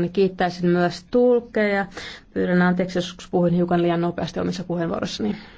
niin Kiittäisin myös tulkkeja. Pyydän anteeksi, jos puhuin hiukan liian nopeasti omissa puheenvuorossani.